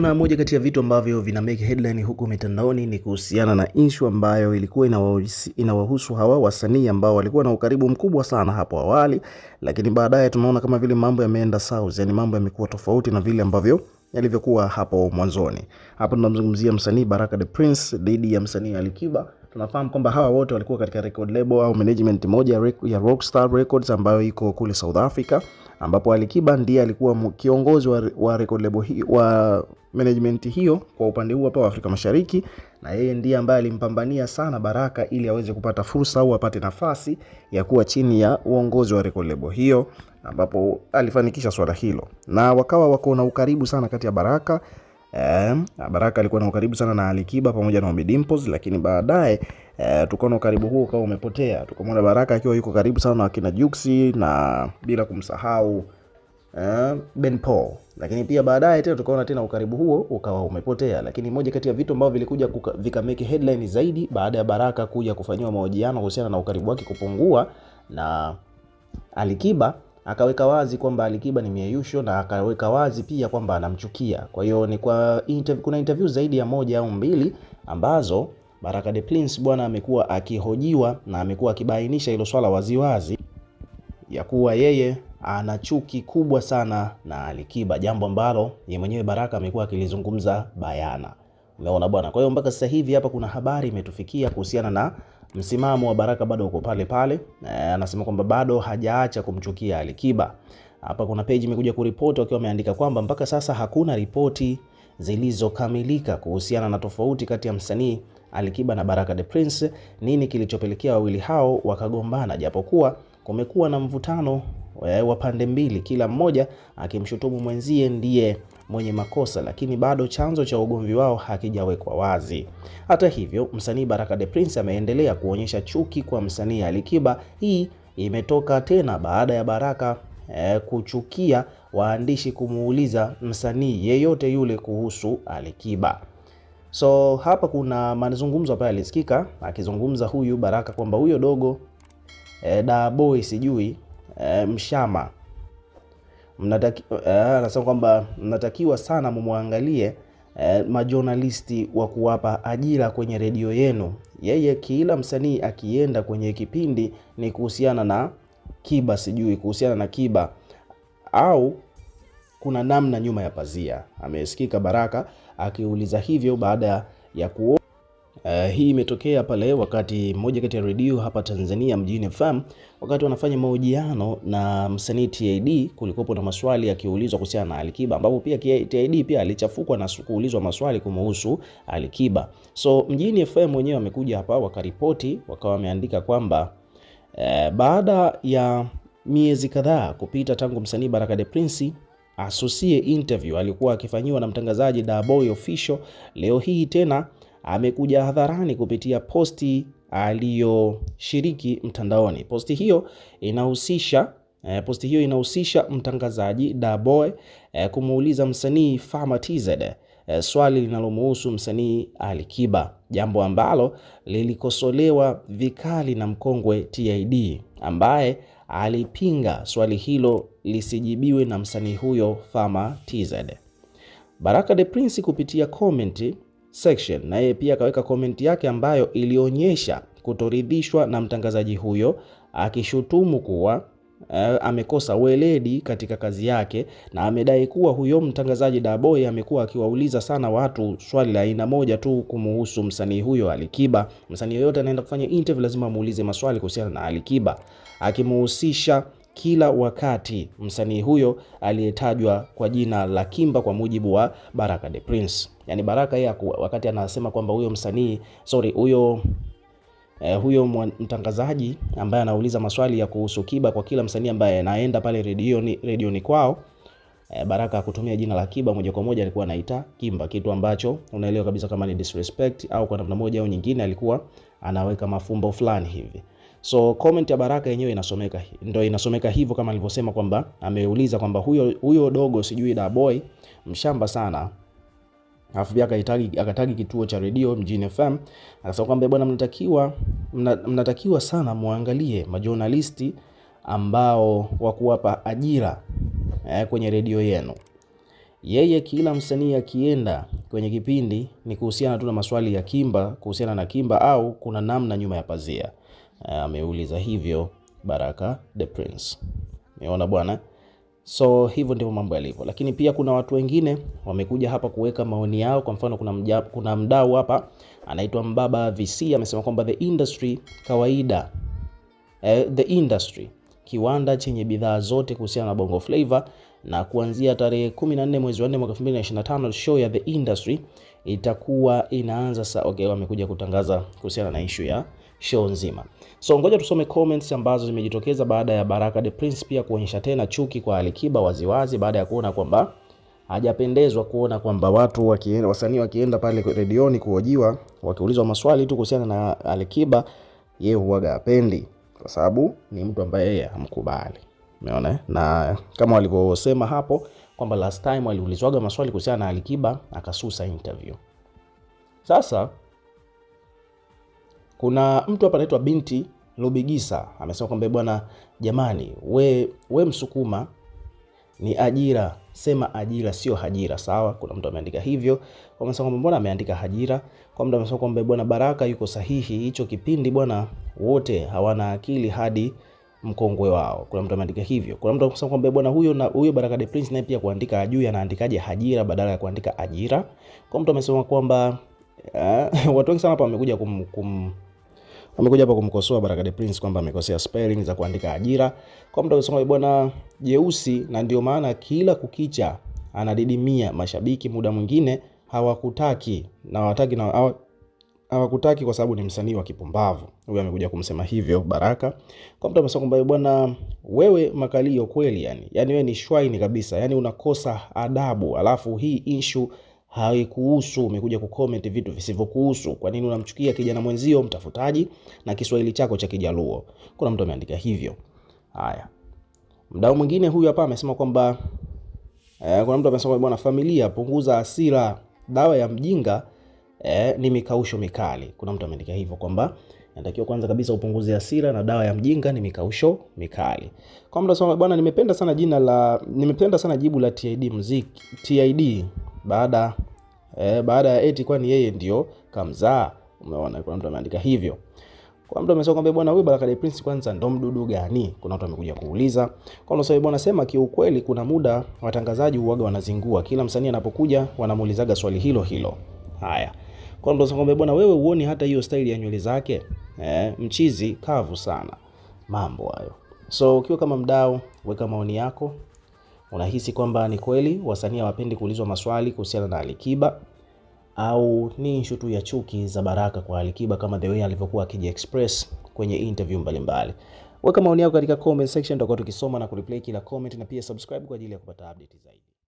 na moja kati ya vitu ambavyo vina make headline huko mitandaoni ni kuhusiana na issue ambayo ilikuwa inawahusu hawa wasanii ambao walikuwa na ukaribu mkubwa sana hapo awali, lakini baadaye tunaona kama vile mambo yameenda south, yani mambo yamekuwa tofauti na vile ambavyo yalivyokuwa hapo mwanzoni. Hapa tunamzungumzia msanii Baraka the Prince dhidi ya msanii Alikiba tunafahamu kwamba hawa wote walikuwa katika record label au management moja ya Rockstar Records ambayo iko kule South Africa, ambapo Alikiba ndiye alikuwa kiongozi wa, wa record label hii wa management hiyo kwa upande huu hapa wa Afrika Mashariki, na yeye ndiye ambaye alimpambania sana Baraka ili aweze kupata fursa au apate nafasi ya kuwa chini ya uongozi wa record label hiyo, ambapo alifanikisha swala hilo na wakawa wako na ukaribu sana kati ya Baraka Eh, Baraka alikuwa na ukaribu sana na Alikiba pamoja na Ommy Dimpoz, lakini baadaye eh, tukaona ukaribu huo ukawa umepotea. Tukamwona Baraka akiwa yuko karibu sana na kina Juksi na bila kumsahau eh, Ben Paul, lakini pia baadaye tena tukaona tena ukaribu huo ukawa umepotea. Lakini moja kati ya vitu ambavyo vilikuja make headline zaidi baada ya Baraka kuja kufanyiwa mahojiano kuhusiana na ukaribu wake kupungua na Alikiba akaweka wazi kwamba Alikiba ni mieyusho na akaweka wazi pia kwamba anamchukia. Kwa hiyo ni kwa interview, kuna interview zaidi ya moja au mbili ambazo Baraka de Prince bwana amekuwa akihojiwa na amekuwa akibainisha hilo swala waziwazi ya kuwa yeye ana chuki kubwa sana na Alikiba, jambo ambalo yeye mwenyewe Baraka amekuwa akilizungumza bayana. Unaona bwana. Kwa hiyo mpaka sasa hivi hapa kuna habari imetufikia kuhusiana na msimamo wa Baraka bado uko pale pale. Eh, anasema kwamba bado hajaacha kumchukia Alikiba. Hapa kuna page imekuja kuripoti wakiwa wameandika kwamba mpaka sasa hakuna ripoti zilizokamilika kuhusiana na tofauti kati ya msanii Alikiba na Baraka the Prince, nini kilichopelekea wawili hao wakagombana, japokuwa kumekuwa na mvutano eh, wa pande mbili, kila mmoja akimshutumu mwenzie ndiye mwenye makosa, lakini bado chanzo cha ugomvi wao hakijawekwa wazi. Hata hivyo, msanii Baraka de Prince ameendelea kuonyesha chuki kwa msanii Alikiba. Hii imetoka tena baada ya Baraka e, kuchukia waandishi kumuuliza msanii yeyote yule kuhusu Alikiba. So hapa kuna mazungumzo ambayo alisikika akizungumza huyu Baraka kwamba huyo dogo e, da boy sijui e, mshama Eh, anasema kwamba mnatakiwa sana mumwangalie eh, majonalisti wa kuwapa ajira kwenye redio yenu. Yeye kila msanii akienda kwenye kipindi ni kuhusiana na kiba, sijui kuhusiana na kiba au kuna namna nyuma ya pazia. Amesikika Baraka akiuliza hivyo baada ya kuo Uh, hii imetokea pale wakati mmoja kati ya redio hapa Tanzania mjini FM wakati wanafanya mahojiano na msanii TID, kulikopo na maswali yakiulizwa kuhusiana na Alikiba, ambapo pia TID pia alichafukwa na kuulizwa maswali kumhusu Alikiba. So mjini FM wenyewe wamekuja hapa wakaripoti, wakawa wameandika kwamba uh, baada ya miezi kadhaa kupita tangu msanii Baraka de Prince asusie interview alikuwa akifanyiwa na mtangazaji Da Boy Official, leo hii tena amekuja hadharani kupitia posti aliyoshiriki mtandaoni. Posti hiyo inahusisha eh, posti hiyo inahusisha mtangazaji daboy eh, kumuuliza msanii Fama TZ eh, swali linalomuhusu msanii Alikiba, jambo ambalo lilikosolewa vikali na mkongwe TID ambaye alipinga swali hilo lisijibiwe na msanii huyo Fama TZ. Baraka de Prince kupitia komenti section, na yeye pia akaweka komenti yake ambayo ilionyesha kutoridhishwa na mtangazaji huyo, akishutumu kuwa uh, amekosa weledi katika kazi yake, na amedai kuwa huyo mtangazaji Daboy amekuwa akiwauliza sana watu swali la aina moja tu kumuhusu msanii huyo Alikiba. Msanii yoyote anaenda kufanya interview lazima muulize maswali kuhusiana na Alikiba, akimuhusisha kila wakati msanii huyo aliyetajwa kwa jina la Kimba kwa mujibu wa Baraka the Prince. Yani Baraka yeye wakati anasema kwamba huyo msanii sorry, huyo eh, huyo mtangazaji ambaye anauliza maswali ya kuhusu Kiba kwa kila msanii ambaye anaenda pale redioni, redioni kwao eh, Baraka kutumia jina la Kiba moja kwa moja, alikuwa anaita Kimba, kitu ambacho unaelewa kabisa kama ni disrespect, au kwa namna moja au nyingine alikuwa anaweka mafumbo fulani hivi. So comment ya Baraka yenyewe inasomeka ndio inasomeka hivyo kama alivyosema kwamba ameuliza kwamba huyo, huyo dogo sijui da boy mshamba sana alafu pia akatagi kituo cha redio Mjini FM akasema kwamba bwana, mnatakiwa mnatakiwa sana muangalie majonalisti ambao wa kuwapa ajira eh, kwenye redio yenu. Yeye kila msanii akienda kwenye kipindi ni kuhusiana tu na maswali ya Kimba, kuhusiana na Kimba au kuna namna nyuma ya pazia ameuliza hivyo Baraka the Prince. Umeona bwana, so hivyo ndivyo mambo yalivyo, lakini pia kuna watu wengine wamekuja hapa kuweka maoni yao. Kwa mfano, kuna, mja, kuna mdau hapa anaitwa Mbaba VC amesema kwamba the industry kawaida eh, the industry kiwanda chenye bidhaa zote kuhusiana na Bongo Flava na kuanzia tarehe 14 mwezi wa 4 mwaka 2025 show ya the industry itakuwa inaanza saa. Okay, wamekuja kutangaza kuhusiana na issue ya show nzima. So ngoja tusome comments ambazo zimejitokeza baada ya Baraka de Prince pia kuonyesha tena chuki kwa Alikiba waziwazi, baada ya kuona kwamba hajapendezwa kuona kwamba watu wakienda, wasanii wakienda pale redioni kuhojiwa, wakiulizwa maswali tu kuhusiana na Alikiba, yeye huaga apendi kwa sababu ni mtu ambaye yeye hamkubali. Umeona, na kama walivyosema hapo kwamba last time aliulizwaga maswali kuhusiana na Alikiba akasusa interview. Sasa kuna mtu hapa anaitwa binti Lubigisa amesema kwamba eh, bwana, jamani, we, we Msukuma ni ajira, sema ajira sio hajira. Sawa, kuna mtu ameandika hivyo, amesema kwamba mbona ameandika hajira. Kwa mtu amesema kwamba eh, bwana Baraka yuko sahihi, hicho kipindi bwana, wote hawana akili hadi mkongwe wao. Kuna mtu ameandika hivyo. Kuna mtu amesema kwamba eh, bwana huyo na huyo Baraka de Prince naye pia kuandika ajui anaandikaje hajira badala ya kuandika ajira. Kwa mtu amesema kwamba watu wengi sana hapa wamekuja kum, kum wamekuja hapa kumkosoa Baraka de Prince kwamba amekosea spelling za kuandika ajira. Kwa mtu anasema bwana jeusi, na ndio maana kila kukicha anadidimia mashabiki, muda mwingine hawakutaki na hawataki na hawa hawakutaki kwa sababu ni msanii wa kipumbavu. Huyu amekuja kumsema hivyo Baraka. Kwa mtu amesema kwamba bwana, wewe makalio kweli yani. Yani wewe ni shwaini kabisa. Yani unakosa adabu. Alafu hii issue haikuhusu, umekuja kucomment vitu visivyokuhusu. Kwa nini unamchukia kijana mwenzio mtafutaji na Kiswahili chako cha Kijaluo? Kuna mtu ameandika hivyo. Haya, mdau mwingine huyu hapa amesema kwamba eh, kuna mtu amesema bwana, familia punguza hasira, dawa ya mjinga eh, ni mikausho mikali. Kuna mtu ameandika hivyo kwamba natakiwa kwanza kabisa upunguze hasira na dawa ya mjinga ni mikausho mikali. Kwa mtu anasema bwana, nimependa sana jina la nimependa sana jibu la TID muziki TID baada e, baada ya eti kwani yeye ndio kamzaa. Umeona, kuna mtu ameandika hivyo. Kwa mtu amesema kwamba bwana, huyu Baraka de Prince kwanza ndo mdudu gani? Kuna watu wamekuja kuuliza. Kwa msanii bwana, sema kiukweli, kuna muda watangazaji huaga wanazingua, kila msanii anapokuja wanamuulizaga swali hilo hilo. Haya, kwa mtu sababu bwana, wewe uone hata hiyo staili ya nywele zake eh, mchizi kavu sana, mambo hayo. So ukiwa kama mdau, weka maoni yako. Unahisi kwamba ni kweli wasanii hawapendi kuulizwa maswali kuhusiana na Alikiba au ni issue tu ya chuki za Baraka kwa Alikiba kama the way alivyokuwa akija express kwenye interview mbalimbali Weka maoni yako katika comment section, tutakuwa tukisoma na kureply kila comment, na pia subscribe kwa ajili ya kupata update zaidi.